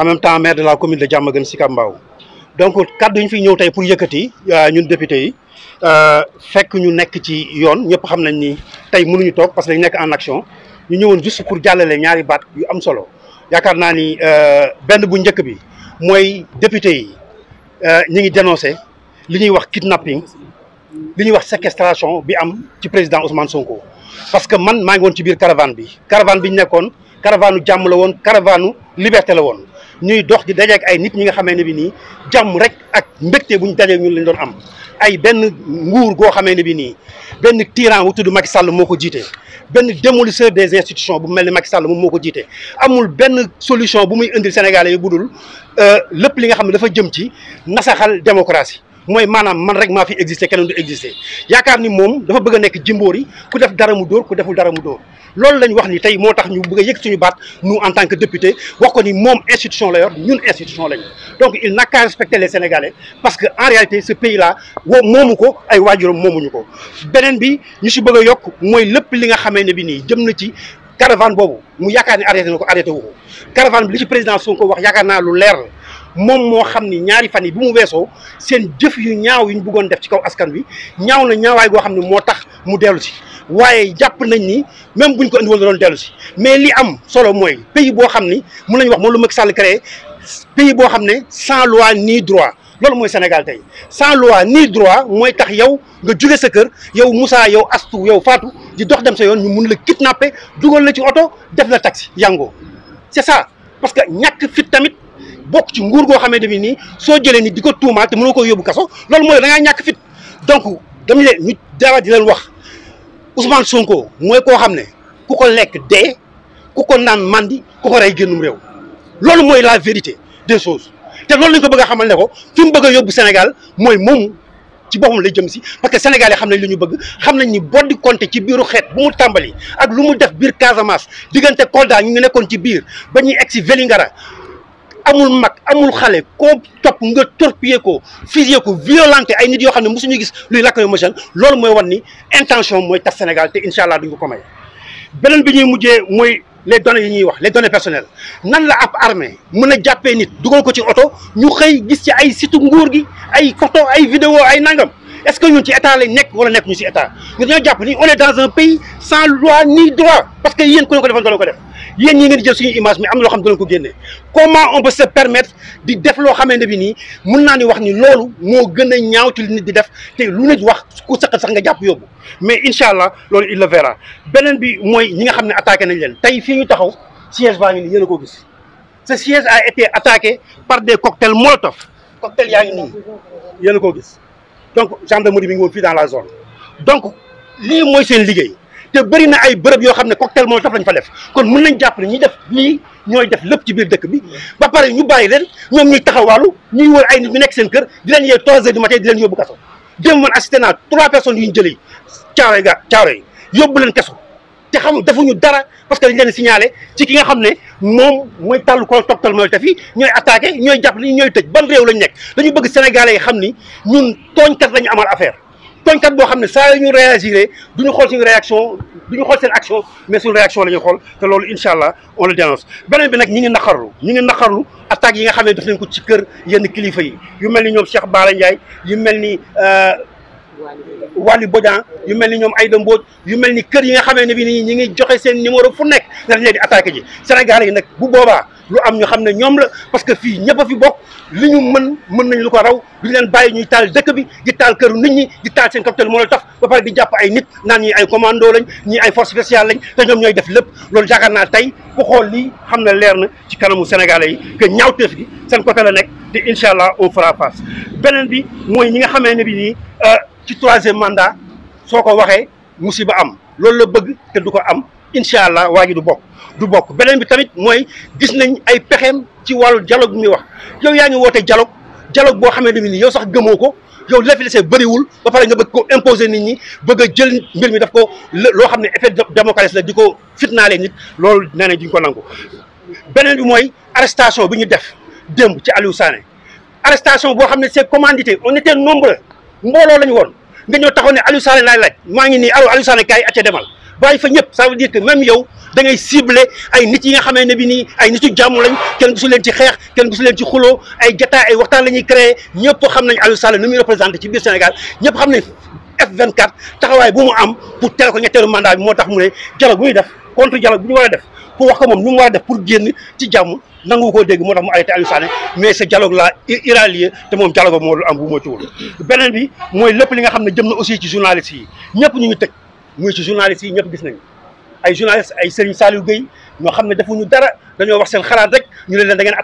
en même temps maire de la commune de Diamaguène Sicap Mbao donc kaddu yi ñu fi ñëw tey pour yëkkati euh, ñun député yi euh, fekk ñu nekk ci yoon ñëpp xam nañ ni tey mënuñu toog parce que dañu nekk en action ñu ñëwoon juste pour jàllale ñaari baat yu am solo yaakaar naa ni euh, benn bu njëkk bi mooy député yi ñu ngi dénoncé li ñuy wax kidnapping li ñuy wax séquestration bi am ci président Ousmane Sonko parce que man maa ngi woon ci biir caravane bi caravane bi ñu nekkoon caravane jàmm la woon caravane liberté la woon. ñuy dox di dajeeg ay nit ñi nga xamee ne bi nii jàmm rek ak mbégte buñ dajeeg ñun lañ doon am ay benn nguur goo xame ne bi nii benn tyran wu tudd mag sàll moo ko jiite benn démolisseur des institutions bu mel ni mag Sall moom moo ko jiite amul benn solution bu muy indil Sénégalais yi budul euh, lépp li nga xam ne dafa jëm ci nasaxal démocratie mooy maanaam man rek maa fi existé keneen du existé yaakaar ni moom dafa bëgg a nekk jimboori ku def dara mu dóor ku deful dara mu dóor loolu lañ wax ni tey moo tax ñu bëgg a yëg suñu baat nous en tant que député wax ko ni moom institution la yor ñun institution lañu donc il n'a qu'à respecter les Sénégalais parce que en réalité ce pays là moomu ko ay waajuram moomuñu ko beneen bi ñu si bëgg a yokk mooy lépp li nga xamee ne bi nii jëm na ci caravane boobu mu yaakaar ni arrêté na ko wu ko caravane bi li ci wax yaakaar naa lu leer la moom moo xam ni ñaari fan yi bu mu weesoo seen jëf yu ñaaw yu ñu buggoon def ci kaw askan wi ñaaw na ñaawaay goo xam ne moo tax mu dellu si waaye jàpp nañ ni même buñ ko indi woon doon dellu si mais li am solo mooy pays boo xam ni mun nañu wax moom lu mag Sall créé pays boo xam ne sans loi nii droit loolu mooy Sénégal tey sans loi ni droit mooy tax yow nga jóge sa kër yow Moussa yow Astou yow faatu di dox dem sa yoon ñu mun la kidnappé dugal la ci oto def la taxi yango c'est ça parce que ñàkk fit tamit bokk ci nguur goo xamante ni nii soo jëlee ni di ko tuumaal te mënoo ko yóbbu kaso loolu mooy da ngaa ñàkk fit donc dama leen ñu di leen wax osman Sonko mooy koo xam ne ku ko lekk dee ku ko naan mandi ku ko rey génnum réew loolu mooy la vérité de soos te loolu lañ ko bëgg a xamal ne ko fi mu bëgg a yóbbu Sénégal mooy moom ci boppam la jëm si parce que Sénégal yi xam nañ li ñu bëgg xam nañ ni boddi compté ci biiru xeet bu mu tàmbali ak lu mu def biir Casamance diggante Kolda ñu ngi nekkoon ci biir ba ñuy egg si Vélingara amul mag amul xale koo topp nga torpiller ko fusiller ko violenter ay nit yoo xam ne mosuñu gis luy lacrymogène loolu mooy wan ni intention mooy tas Sénégal te incha allah duñ ko ko may beneen bi ñuy mujjee mooy les données yi ñuy wax les données personnelles nan la ab armée mën a jàppee nit dugal ko ci oto ñu xëy gis ci ay situ nguur gi ay photo ay vidéo ay nangam est-ce que ñun ci état lañ nekk wala nekk ñu ci état ñu dañoo jàpp ni on est dans un pays sans loi ni ku ne ko defoon doole ko yéen ñi ngeen di jël suñu image mais am na loo xam ne dinañ ko génne comment on peut se permettre di def loo xamante bi nii mun naa ni wax ni loolu moo gën a ñaaw ci li nit di def te lu nit wax ku saqal sax nga jàpp yóbbu mais incha allah loolu il le verra beneen bi mooy ñi nga xam ne attaqué nañ leen tey fii ñu taxaw siège baa ngi nii yéen a ko gis ce siège a été attaqué par des cocktails molotov cocktail yaa ngi nii yéen a ko gis donc gendarmerie bi ngi woon fii dans la zone donc lii mooy seen liggéey te bëri na ay bërëb yoo xam ne cocktail moo tax lañ fa def kon mun nañ jàpp ne ñi def lii ñooy def lépp ci biir dëkk bi ba pare ñu bàyyi leen ñoom ñuy taxawaalu ñuy wër ay nit ñu nekk seen kër di leen yee trois heures du matin di leen yóbbu kaso démb ñu jëlee caaro ga caaro leen kaso te xam defuñu dara parce que dañ leen signalé ci ki nga xam ne moom mooy tàllu ko togtal mooy tafi ñooy attaqué ñooy jàpp li ñooy tëj ban réew lañ nekk dañu bëgg sénégalais yi xam ni ñun tooñkat lañu amal affaire tooñkat boo xam ne saa yu ñu réagiré du ñu xool suñu réaction du ñu xool seen action mais suñu réaction la ñuy xool loolu incha allah on le dénonce beneen bi nag ñi ngi naqarlu ñi ngi naqarlu attaque yi nga xam ne def nañ ko ci kër yenn kilifa yi yu mel ni ñoom Cheikh Bara Ndiaye yu mel ni euh, Waly Bodian yu mel ni ñoom Aïda Mbodj yu mel ni kër yi nga xamee ne bi nii ñi ngi joxe seen numéro fu nekk dañ leen attaque attaqué ji Sénégal yi nag bu boobaa lu am ñu xam ne ñoom la parce que fii ñëpp a fi bokk li ñu mën mën nañ lu ko raw duñ leen bàyyi ñuy taal dëkk bi di taal kër nit ñi di taal seen cocktail moo la taf ba pare di jàpp ay nit naan ñi ay commando lañ ñi ay force spéciale lañ te ñoom ñooy def lépp loolu yaakaar naa tey ku xool lii xam ne leer na ci kanamu sénégalais yi ñaaw ñaawteef gi seen côté la nekk te incha allah on fera face beneen bi mooy ñi nga xamee ne bi nii euh, ci troisième mandat soo ko waxee musiba am loolu la bëgg te du ko am incha allah waa ji du bokk du bokk beneen bi tamit mooy gis nañ ay pexeem ci wàllu dialogue bi muy wax yow yaa ngi woote dialogue dialogue boo xamee ne nii yow sax gëmoo ko yow li la fi dese bëriwul ba pare nga bëgg ko imposer nit ñi bëgg jël mbir mi daf ko loo xam ne effet démocratie la di ko fitnaale nit lool nee nañ duñ ko nangu. beneen bi mooy arrestation bi ñu def démb ci Aliou Sané arrestation boo xam ne c'est commandité on était nombreux mbooloo lañ woon nga ñëw taxaw ne Aliou Sané laay laaj maa ngi nii allo Aliou Sané kaay acca demal. bàyyi fa ñëpp ça veut dire que même yow dangay ngay ay nit yi nga xamee ne bi nii ay nit yu jàmm lañ kenn gisu leen ci xeex kenn gisu leen ci xuloo ay jotaay ay waxtaan la ñuy créer ñëpp xam nañ Aliou Sall nu muy représenté biir Sénégal ñëpp xam nañ f taxawaay bu mu am pour tere ko ñetteelu moo tax mu ne dialogue bu def contre dialogue bu ñu war a def pour wax ko moom lu mu war def pour génn ci jàmm nangu koo dégg moo mu arrêté Aliou mais ce dialogue là irrégulier te moom dialogue moo am bu ma ci beneen bi mooy lépp li nga xam ne jëm na aussi ci journaliste yi ñëpp ñu ngi tëj muy ci journalistes yi ñëpp gis nañu ay journalistes ay Serigne Saliou Gueye ñoo xam ne defuñu dara dañoo wax seen xalaat rek ñu ne leen da ngeen attaqué